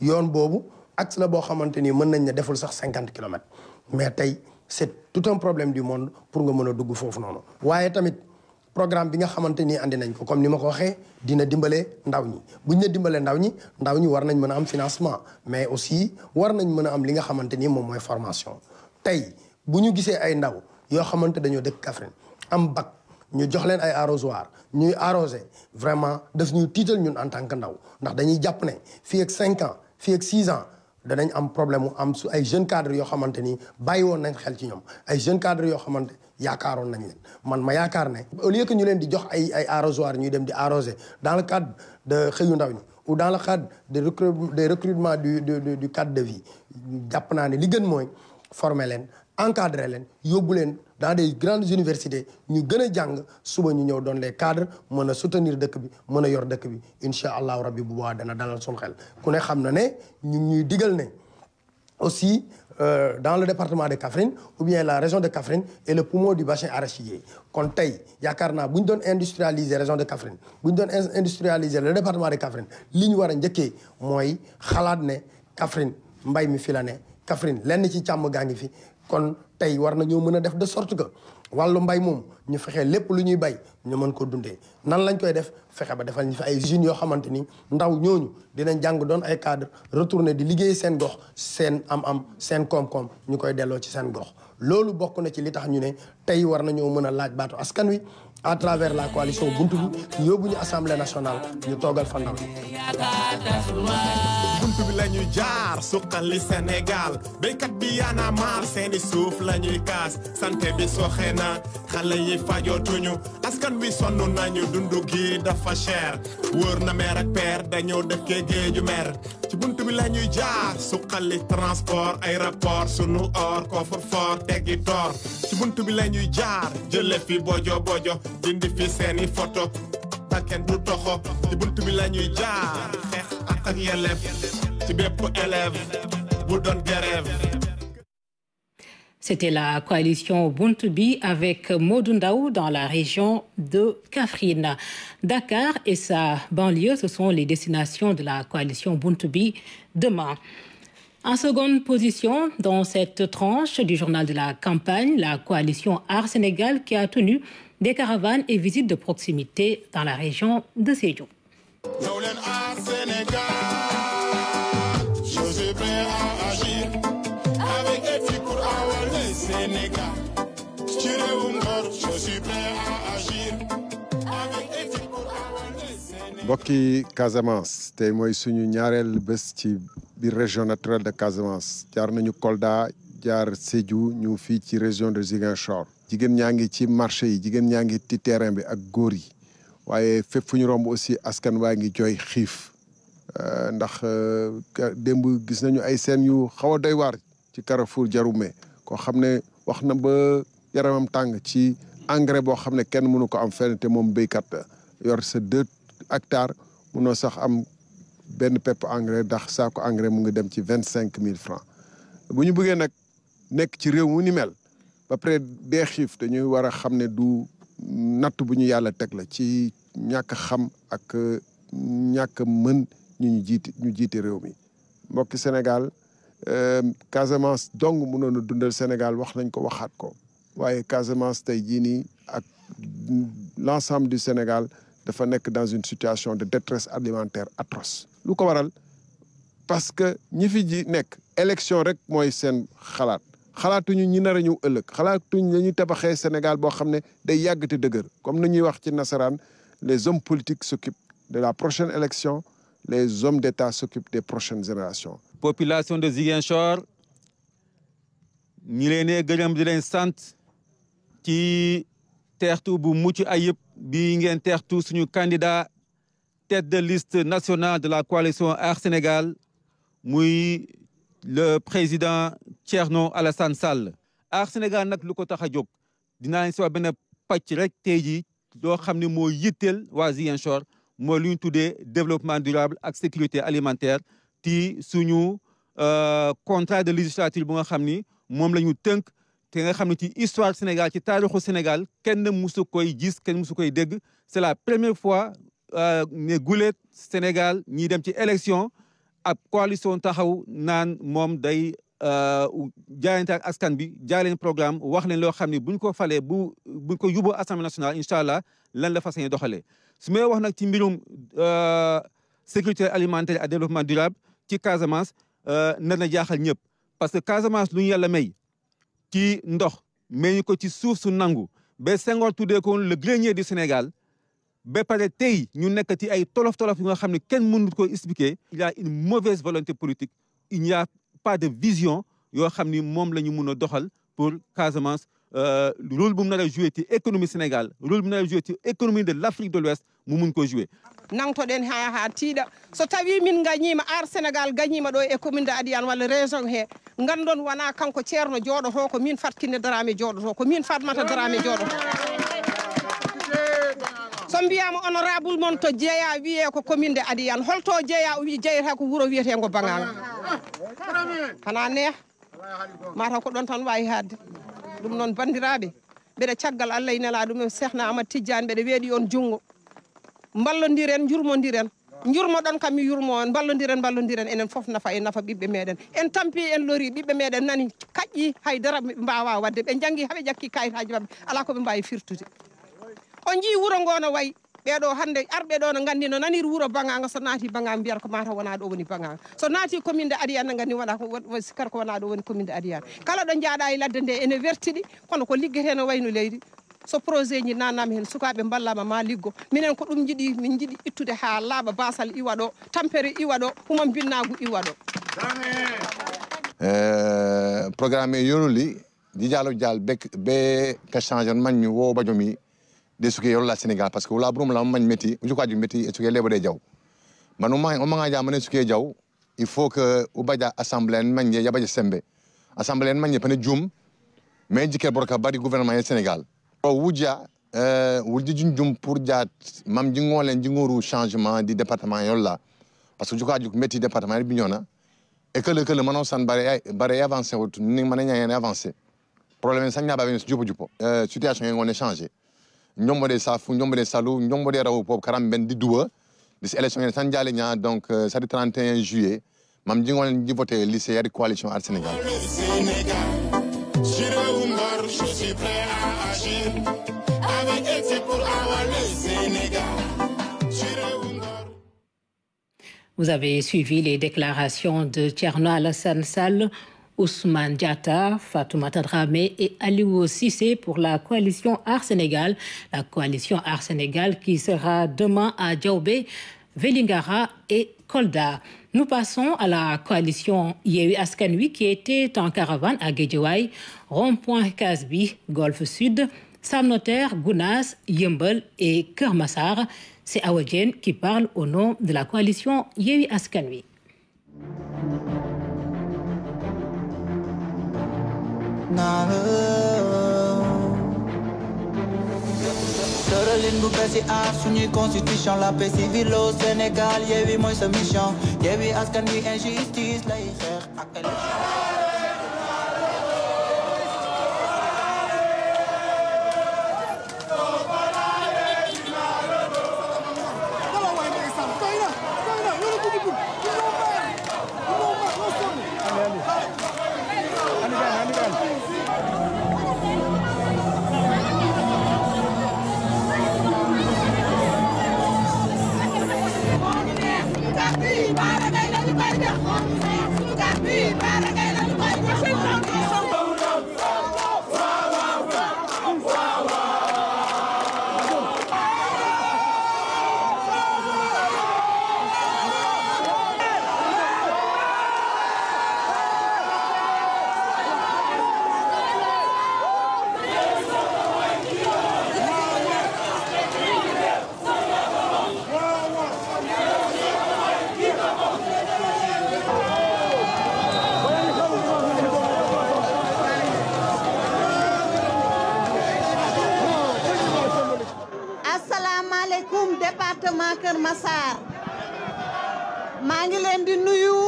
yoon boobu axe la boo xamante ni mën nañ ne deful sax cinquante kilomètres mais tey c'est tout un problème du monde pour nga mën a dugg foofu noonu waaye tamit programme bi nga xamante ni andi nañ ko comme ni ma ko waxee dina dimbale ndaw ñi bu ñu ne dimbale ndaw ñi ndaw ñi war nañ mën a am financement mais aussi war nañ mën a am li nga xamante ni moom mooy formation tey bu ñu gisee ay ndaw yoo xamante dañoo dëkk Kaffrine am bac ñu jox leen ay arrosoir ñuy arrosé vraiment daf tiital ñun en tant que ndaw ndax dañuy jàpp ne fii ak cinq fii ak an danañ am problème mu am su ay jeunes cadres yoo xamante ni bàyyi woon nañ xel ci ñoom ay jeunes cadres yoo xamante yaakaaroon nañ leen man ma yaakaar ne. au lieu que ñu leen di jox ay ay arrosoir ñuy dem di arroser dans le cadre de xëyu ndaw ñi ou dans le cadre de recru des recrutements du du du cadre de vie jàpp naa ne li gën mooy former leen encadrer leen yóbbu leen. dans des grande université ñu gën a jàng suba ñu ñëw doon les cadres mën a soutenir dëkk bi mën a yor dëkk bi incha allahu rabbi bu boobaa dana dalal suñu xel ku ne xam na ne ñu ñuy digal ne aussi Euh, dans le département de Kaffrine ou bien la région de Kaffrine est le poumon du bassin arachidier kon tey yaakaar naa bu ñu doon industrialiser région de Kaffrine bu ñu doon industrialiser le département de Kaffrine li ñu war njëkkee mooy xalaat ne Kaffrine mbay mi fi la ne Kaffrine lenn ci càmm gaa ngi fi kon tey war nañoo mën a def de sorte que wàllu mbay moom ñu fexe lépp lu ñuy bay ñu mën ko dundee nan lañ koy def fexe ba defal ñu fi ay jeunes yoo xamante ni ndaw ñooñu dinañ jàng doon ay cadre retourné di liggéey seen gox seen am-am seen koom-koom ñu koy delloo ci seen gox. loolu bokk na ci li tax ñu ne tey war nañoo mën a laaj baatu askan wi. à travers la coalition buntu bi ñu yóbbu ñu assemblée nationale ñu toogal fa ndaw buntu bi la ñuy jaar suqali Sénégal béykat bi yaana maar seeni suuf la kaas santé bi soxe na xale yi fajootuñu askan wi sonn nañu dundu gi dafa cher wóor na meer ak peer dañoo dëkkee géeju mer ci bunt bi la ñuy jaar suqali transport aéroport sunu or coffre-fort teggi toor ci bunt bi la ñuy jaar jële fi bojo bojo dindi fi seeni photo ba kenn du toxo ci bunt bi la ñuy jaar xeex ak ak yelleef ci bépp élève bu doon grève C'était la coalition Ubuntu Bi avec Modou dans la région de Kaffrine. Dakar et sa banlieue, ce sont les destinations de la coalition Ubuntu Bi demain. En seconde position, dans cette tranche du journal de la campagne, la coalition Art Sénégal qui a tenu des caravanes et visites de proximité dans la région de Sédhiou. mbokki Casamance te mooy suñu ñaareel bés ci biir région naturelle de Casamance jaar nañu Kolda jaar Sédhiou ñu fii ci région de Ziguinchor jigéen ñaa ngi ci marché yi jigéen ñaa ngi ci terrain bi ak góor yi waaye fépp fu ñu romb aussi askan waa ngi jooy xiif euh, ndax euh, démb gis nañu ay seen yu xaw a doy waar ci Carrefour Diaroumé koo xam ne wax na ba yaramam tàng ci engrais boo xam ne kenn mënu ko am fenn te moom béykat yor sa deux hectare munoo sax am benn pepp engrais ndax saako engrais mu ngi dem ci vingt cinq mille francs bu ñu bëggee nag nekk ci réew mu ni mel ba pare dee xiif dañuy war a xam ne du natt bu ñu yàlla teg la ci ñàkk xam ak euh, ñàkk mën ñu ñu jiite ñu jiite réew mi mbokki Sénégal euh, Casamance dong mu a dundal Sénégal wax nañ ko waxaat ko waaye Casamance tey jii nii ak l'ensemble du Sénégal dafa nekk dans une situation de détresse alimentaire atroce lu ko waral parce que ñi fi ji nekk élection rek mooy seen xalaat xalaatuñu ñi nar ñu ñëw ëllëg xalaatuñ la ñuy tabaxee Sénégal boo xam ne day yàgg te dëgër comme ni ñuy wax ci nasaraan les hommes politiques s'occupent de la prochaine élection les hommes d'État s'occupent des prochaines générations population de Ziguinchor ñi leen gërëm di leen sant ci teextu bu mucc ayib bi ngeen teextu suñu candidat tête de liste nationale de la coalition Aar Sénégal muy le président Thierno Alassane Sall. Aar Sénégal nag lu ko tax a jóg dinaa leen si wax pàcc rek tey jii doo xam ni moo yitteel waa Ziguinchor mooy lu ñu tuddee développement durable ak sécurité alimentaire ti suñu euh, contrat de législature bu nga xam ni moom la ñu tënk. te xam ne ci histoire Sénégal ci taarixu Sénégal kenn musu koy gis kenn musu koy dégg c'est la première fois euh, ne guléet Sénégal ñi dem ci élection ab coalition taxaw naan moom day euh, jaayante ak askan bi jaay programme wax leen loo xam ne buñ ko falee bu buñ ko yóbboo assemblée nationale incha allah lan la fas yéene doxalee su may wax nag ci mbirum euh, sécurité alimentaire ak développement durable ci Casamance nar na jaaxal ñëpp parce que Casamance lu yàlla may ci ndox meññ ko ci suuf su nangu ba Senghor tuddee ko le grenier du Sénégal ba pare tey ñu nekk ci ay tolof tolof yu nga xam ne kenn mënut ko expliquer. il y a une mauvaise volonté politique il n'y a pas de vision yoo xam ni moom la ñu mun a doxal pour Casamance Euh, rôle bu mu nar a Sénégal rôle bu mu nar a de l' de l'Ouest mu mun ko joué nangtoɗen ha so tawi min gañima ar sénégal gañima ɗo e commune de adiyan walla région he gandon wona kanko ceerno jooɗoto ko min fatkinde darame jooɗoto so mbiyama honorable moon to jeeya wiye ko commune de adiyan holto jeeya wi jeyata ko wuuro wiyetego bangala hana neeha mataw ko ɗon tan wawi hadde ɗum noon bandiraɓe mbeɗa caggal allah e nela ɗumen cheikhna amadou tidiane mbeɗa weeɗi on junngo mballodiren jurmodiren jurmoɗon kam mi yurmo on ballodiren ballodiren enen foof nafa e nafa ɓiɓɓe meɗen en tampi en lori ɓiɓɓe meɗen nani kaƴƴi haydara ɓe mbawa wadde ɓe janggui haaɓe jakki kayitaji mabɓe ala koɓe mbawi firtude on jii wuuro ngo no wayi ɓeɗo hande arɓe ɗo no gandi no nanir wuuro bangaga so naati bangaga mbiyata mata wona ɗo woni bangaga so naati commune de adiyane no gandi wona ko wona ɗo woni commune de kala ɗo jaaɗa e ladde nde ene wertiɗi kono ko liggete no wayno leydi so projet ji nannama hen sukaɓe ballama ma liggo minen ko ɗum jiiɗi ittude ha laaɓa basal iwa ɗo tampere iwa ɗo humam binnagu iwa ɗo de suke la sénégal parce que wola ɓurumla mo mañ métti ujukaji métti e suke leɓode jaw mban o magaja mane suke jaw il faut que o baja assemblé en mañje yaɓaje sembe assemblé en mañje pene juum mais jikel boro ka bari gouvernement e sénégal o wuja euh, wulji jum jum pour ja mam jingolen jingoru changement di département yolla par ce que jukaji ko métti département e biñona e kele kele mano san bare bare avancé o ni mana ñañene avancé problème saññaɓaɓen so jupo jupo euh, situation e ñombode safu ñombode salu ñombode raw popo karamben di duwa dis élection ene tan jaali ña donc sadi euh, 31 juillet mam jingolen jivote lycée yadi coalition ar sénégal Vous avez suivi les de Tierno Alassane Ousmane Diatta, Fatoumata Dramé et Aliou Sissé pour la coalition Art Sénégal. La coalition Art Sénégal qui sera demain à Diaobé, Vélingara et Kolda. Nous passons à la coalition Yewwi Askan Wi qui était en caravane à Guédiawaye, Rond-Point Casbi, Golfe Sud, Sam Notaire, Gounass, et Keur Massar. qui parle au nom de la coalition Yewwi Askan Wi. not alone tëralin bu bees yi aar suñuy constitution la paix civile au Sénégal Yewwi mooy sa mission Askan Wi injustice lay xeex ak élection Kër maa ngi leen di nuyu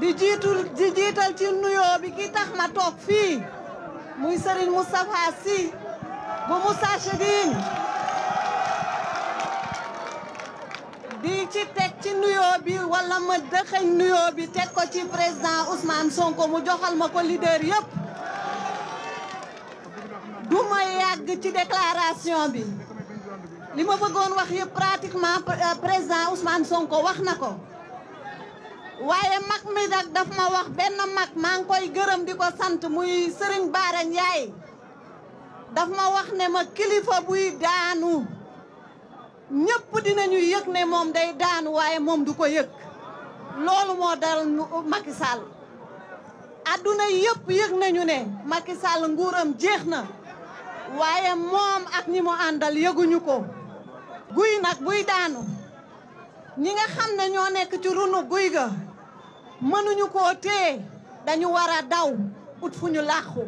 di jiitul di jiital ci nuyoo bi ki tax ma toog fii muy Serigne Moustapha Sy bu Moussa Chedine di ci teg ci nuyoo bi wala ma dëxëñ nuyoo bi teg ko ci président Ousmane Sonko mu joxal ma ko leader yëpp du ma yàgg ci déclaration bi li ma bëggoon wax yëpp pratiquement euh, président Ousmane Sonko wax na ko waaye mag mi nag daf ma wax benn mag maa ngi koy gërëm di ko sant muy Serigne Bara Ndiaye daf ma wax ne ma kilifa buy daanu ñëpp dinañu yëg ne moom day daanu waaye moom du ko yëg loolu moo dal Macky Sall adduna yëg nañu ne Macky Sall nguuram jeex na waaye moom ak ñi àndal yëguñu ko guy nag buy daanu ñi nga xam ne ñoo nekk ci runu guy ga mënuñu koo tee dañu war a daw ut fu ñu làqu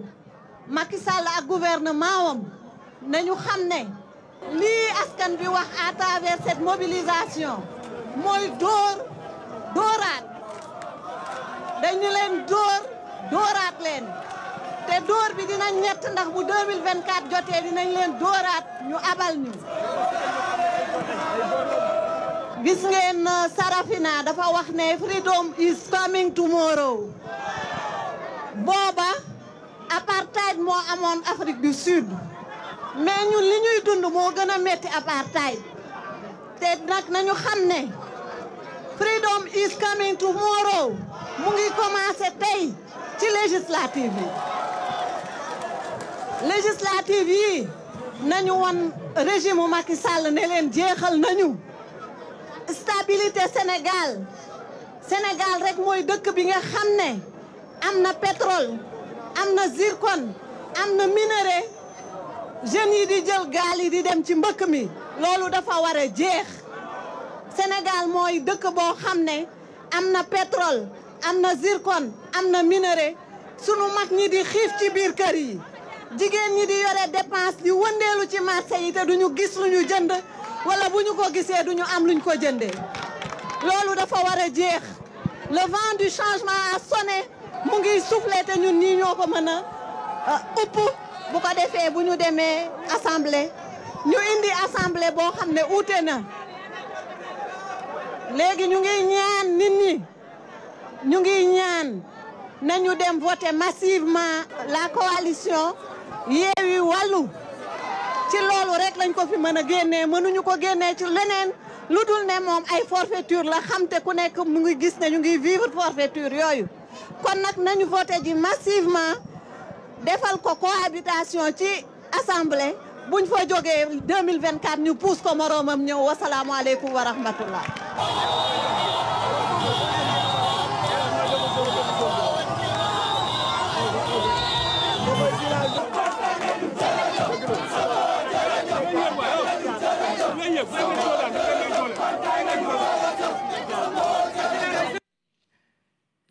Macky Sall ak gouvernement wam nañu xam ne lii askan bi wax à travers mobilisation mooy dóor dóoraat dañu leen dóor dóoraat leen te dóor bi dina ñett ndax bu 2024 jotee dinañ leen dóoraat ñu abal ñu gis ngeen euh, Sarafina dafa wax ne freedom is coming tomorrow booba apartheid moo amoon Afrique du Sud mais li ñuy dund moo gën a metti apartheid te nag nañu xam ne freedom is coming tomorrow mu ngi commencé tey ci législative yi législative yi nañu won régime Macky sàll ne leen jeexal nañu stabilité Sénégal Sénégal rek mooy dëkk bi nga xam ne am na pétrole am na zircon am na minerai jeunes yi di jël gaal di dem ci mbëkk mi loolu dafa ware a jeex Sénégal mooy dëkk boo xam ne am na pétrole am na zircon am na minerai sunu mag ñi di xiif ci biir kër yi jigéen ñi di yore dépense di wëndeelu ci marché yi te duñu gis lu ñu jënd wala bu ñu ko gisee duñu am luñ ko jëndee loolu dafa war a jeex le vent du changement a sonné mu ngi soufflé te ñun ñii ñoo ko mën a euh, upp bu ko defee bu ñu demee assemblée ñu indi assemblée boo xam ne uute na léegi ñu ngi ñaan nit ñi ñu ngi ñaan nañu dem voter massivement la coalition yeewi wàllu ci loolu rek lañ ko fi mën a génnee mënuñu ko génnee ci leneen lu dul ne moom ay forfaiture la xam ku nekk mu ngi gis ne ñu ngi vivre forfaiture yooyu kon nag nañu voté ji massivement defal ko cohabitation ci assemblée buñ fa jógee 2024 ñu pousse ko moroomam ñëw wasalaamualeykum wa rahmatullah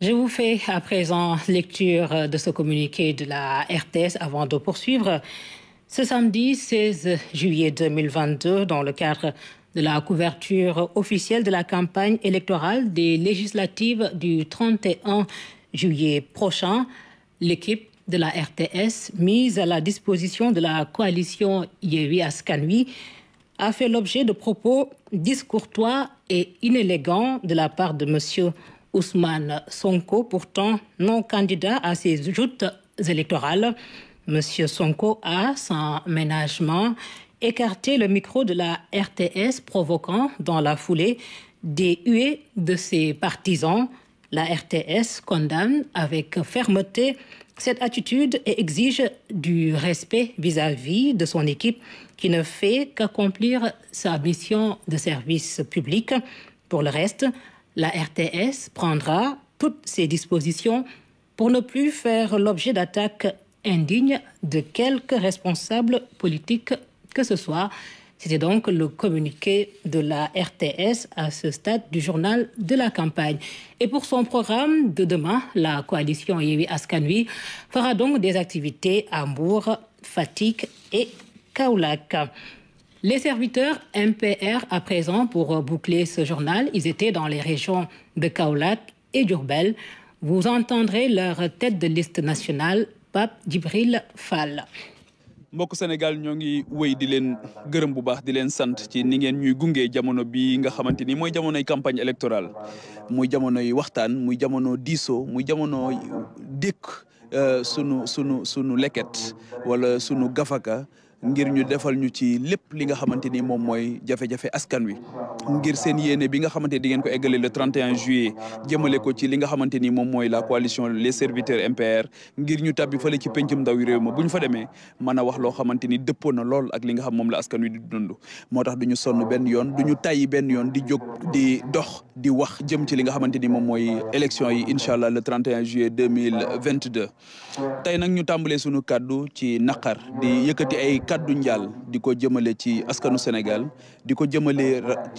Je vous fais à avant de poursuivre. Ce samedi juillet 2022, dans le cadre de la couverture officielle de la campagne électorale des législatives du 31 juillet prochain, de la RTS mise la disposition de la coalition Yewwi Wi a fait l'objet de propos discourtois et inélégants de la part de monsieur Ousmane Sonko, pourtant non candidat à ces joutes électorales. Monsieur Sonko a, sans ménagement, écarté le micro de la RTS, provoquant dans la foulée des huées de ses partisans. La RTS condamne avec fermeté cette attitude et exige du respect vis-à-vis -vis de son équipe qui ne fait qu'accomplir sa mission de service public. Pour le reste, la RTS prendra toutes ses dispositions pour ne plus faire l'objet d'attaques indignes de quelque responsable politique que ce soit. C'était donc le communiqué de la RTS à ce stade du journal de la campagne. Et pour son programme de demain, la coalition Yewwi Askan Wi fera donc des activités à Mbour, Fatick et Kaolack. Les serviteurs MPR, à présent, pour euh, boucler ce journal, ils étaient dans les régions de Kaolack et d'Urbel. Vous entendrez leur tête de liste nationale, Pape Djibril Fall. mbokk Sénégal ñoo ngi wéy di leen gërëm bu baax di leen sant ci ni ngeen ñuy gunge jamono bi nga xamante ni mooy jamonoy campagne électorale muy jamonoy waxtaan muy jamono diisoo muy jamono dékk euh, sunu sunu sunu leket wala sunu gafaka ngir ñu defal ñu ci lépp li nga xamante ni moom mooy jafe-jafe askan wi ngir seen yéene bi nga xamante ni ngeen ko eggale le 31 juillet jëmale ko ci li nga xamante ni moom mooy la coalition les serviteurs MPR ngir ñu tabbi fële ci pencum ndaw yi réew ma bu ñu fa demee mën a wax loo xamante ni dëppoo na lool ak li nga xam moom la askan wi di dund moo tax du ñu sonn benn yoon du ñu tàyyi benn yoon di jog di dox di wax jëm ci li nga xamante ni moom mooy élection yi incha allah le 31 juillet 2022 tey nag ñu tàmbalee suñu kàddu ci naqar di ay kàddu njaal di ko jëmale ci askanu Sénégal di ko jëmale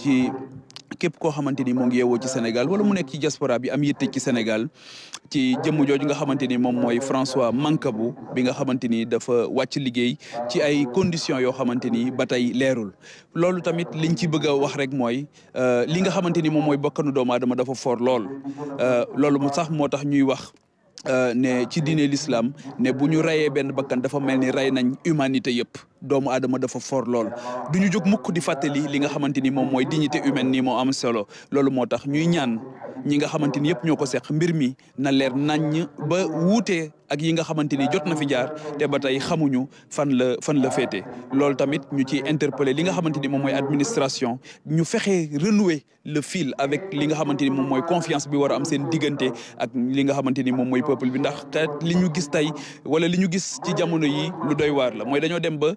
ci képp koo xamante ni moo ngi yeewoo ci Sénégal wala mu nekk ci diaspora bi am yitte ci Sénégal ci jëmm jooju nga xamante ni moom mooy François bu bi nga xamante ni dafa wàcc liggéey ci ay conditions yoo xamante ni ba tey leerul loolu tamit liñ ci bëgg a wax rek mooy euh, li nga xamante ni moom mooy bakkanu doomu aadama dafa foor lool euh, loolu sax moo tax ñuy wax Euh, ne ci dine l'islam ne bu ñu rayee benn bakkan dafa mel ni rey nañ humanité yëpp doomu aadama dafa fort lool du ñu jóg mukk di fàttali li nga xamante ni moom mooy dignité humaine nii moo am solo loolu moo tax ñuy ñaan ñi nga xamante ni yëpp ñoo ko seq mbir mi na leer naññ ba wuutee ak yi nga xamante ni jot na fi jaar te ba tey xamuñu fan la fan la féete loolu tamit ñu ci interpeller li nga xamante ni moom mooy administration ñu fexe renouer le fil avec li nga xamante ni moom mooy confiance bi war a am seen diggante ak li nga xamante ni moom mooy peuple bi ndax te li ñu gis tey wala li ñu gis ci jamono yi lu doy la mooy dañoo dem ba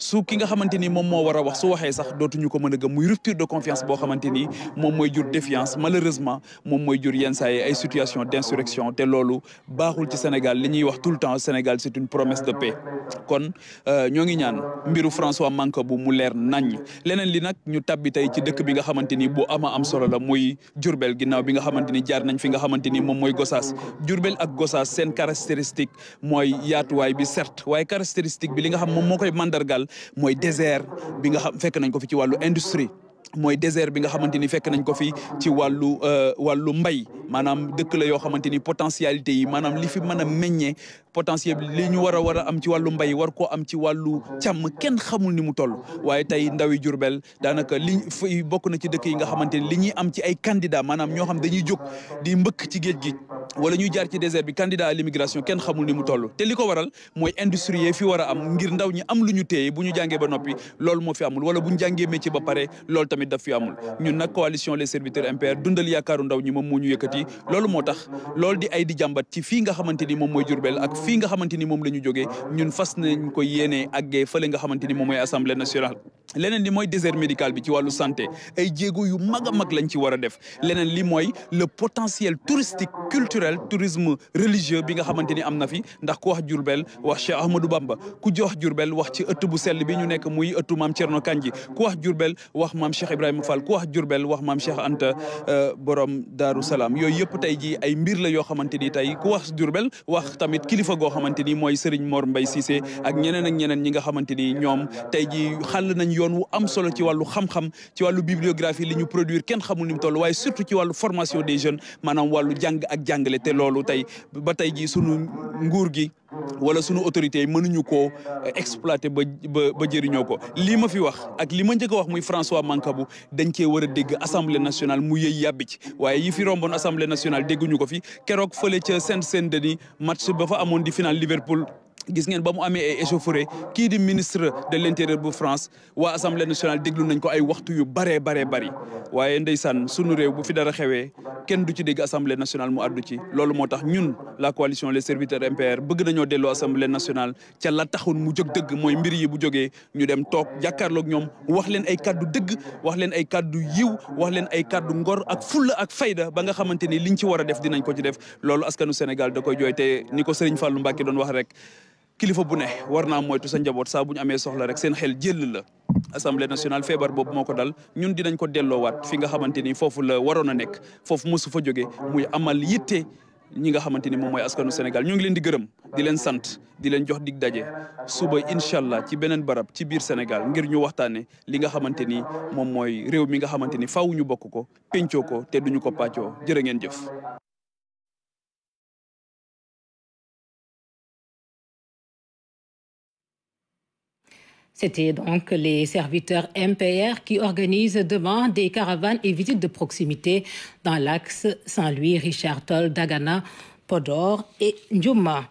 su ki nga xamante ni moom moo war a wax su waxee sax dootuñu ko mën a gëm muy rupture de confiance boo xamante ni moom mooy jur défiance malheureusement moom mooy jur yenn saa ay situation d'insurrection te loolu baaxul ci Sénégal li ñuy wax tout le temps Sénégal c'est une promesse de paix kon euh, ñoo ngi ñaan mbiru François Mancabou mu leer nañ leneen li nag ñu tabbi tey ci dëkk bi nga xamante ni bu ama am solo la muy Diourbel ginnaaw bi nga xamante ni jaar nañ fi nga xamante ni moom mooy Gossas Diourbel ak Gossas seen caractéristique mooy yaatuwaay bi certes waaye caractéristique bi li nga xam moom moo koy mandargal mooy désert bi nga xam fekk nañ ko fi ci wàllu industrie mooy désert bi nga xamante ni fekk nañ ko fi ci wàllu euh, wàllu mbay maanaam dëkk la yoo xamante ni potentialité yi maanaam li fi mën a meññee potentiel bi li ñu war a war a am ci wàllu mbay war koo am ci wàllu càmm kenn xamul ni mu toll waaye tey ndawi Jurbel daanaka li fi bokk na ci dëkk yi nga xamante ni li ñuy am ci ay candidat maanaam ñoo xam dañuy jóg di mbëkk ci géej gi wala ñuy jaar ci désert bi candidat à l'immigration kenn xamul ni mu toll te li ko waral mooy industrie fi war am ngir ndaw ñi am lu ñu téye bu ñu jàngee ba noppi loolu moo fi amul wala bu ñu jàngee ci ba pare loolu tamit daf fi amul ñun nag coalition les serviteurs MPR dundal yaakaaru ndaw ñi moom moo ñu yëkkati loolu moo tax loolu di nga xamante ni moom mooy Jurbel ak fii nga xamante ni moom la ñu jógee ñun fas nañ ko yéenee àggee fële nga xamante ni moom mooy assemblée nationale leneen li mooy désert médical bi ci wàllu santé ay jéego yu mag mag lañ ci war a def leneen li mooy le potentiel touristique culturel tourisme religieux bi nga xamante ni am na fi ndax ku wax Jurbel wax Cheikh Ahmadou Bamba ku jox Jurbel wax ci ëtt bu sell bi ñu nekk muy ëttu maam Thierno Kandji ku wax Jurbel wax maam Cheikh Ibrahima fal ku wax Jurbel wax maam Cheikh Anta euh, borom Daaru Salaam yooyu yëpp tey ji ay mbir la yoo xamante ni tey ku wax Jurbel kilifa goo ni mooy Serigne Mor Mbaye Cissé ak ñeneen ak ñeneen ñi nga xamante ni ñoom tey ji xàll nañ yoon wu am solo ci wàllu xam-xam ci wàllu bibliographie li ñu produire kenn xamul ni mu toll waaye surtout ci wàllu formation des jeunes maanaam wàllu jàng ak jàngale te loolu tey ba tey ji sunu nguur gi wala sunu autorités yi mënuñu koo euh, exploiter ba ba ba jëriñoo ko lii ma fi wax ak li ma njëkk wax muy François Mancabou dañ cee war a dégg assemblée nationale mu yëy yàbbi ci waaye yi fi romboon assemblée nationale dégguñu ko fi keroog fële ca de denis match ba fa amoon di final Liverpool gis ngeen ba mu amee ay échauffourée kii di ministre de l' bu France waa assemblée nationale déglu nañ ko ay waxtu yu baree baree bari waaye ndeysaan sunu réew bu fi dara xewee kenn du ci dégg assemblée nationale mu addu ci. loolu moo tax ñun la coalition les serviteurs MPR bëgg nañoo delloo assemblée nationale ca la taxoon mu jóg dëgg mooy mbir yi bu jógee ñu dem toog jàkkaarloog ñoom wax leen ay kaddu dëgg wax leen ay kaddu yiw wax leen ay kaddu ngor ak fulla ak fayda ba nga xamante ni liñ ci war a def dinañ ko ci def loolu askanu Sénégal da koy jooy ni ko Serigne Fallou Mbacké doon wax rek. kilifa bu ne war naa moytu sa njaboot saa bu ñu amee soxla rek seen xel jël la assemblée nationale feebar boobu moo ko dal ñun dinañ ko delloowaat fi nga xamante ni foofu la waroon a nekk foofu mosu fa jóge muy amal yitte ñi nga xamante ni moom mooy askanu Sénégal ñu ngi leen di gërëm di leen sant di leen jox dig daje suba incha allah ci beneen barab ci biir Sénégal ngir ñu waxtaane li nga xamante ni moom mooy réew mi nga xamante ni faaw ñu bokk ko pencoo ko te duñu ko pàccoo jërë ngeen jëf. C'était donc les serviteurs MPR qui organisent demain des caravanes et visites de proximité dans l'axe Saint-Louis, Richard Toll, Dagana, Podor et Ndiouma.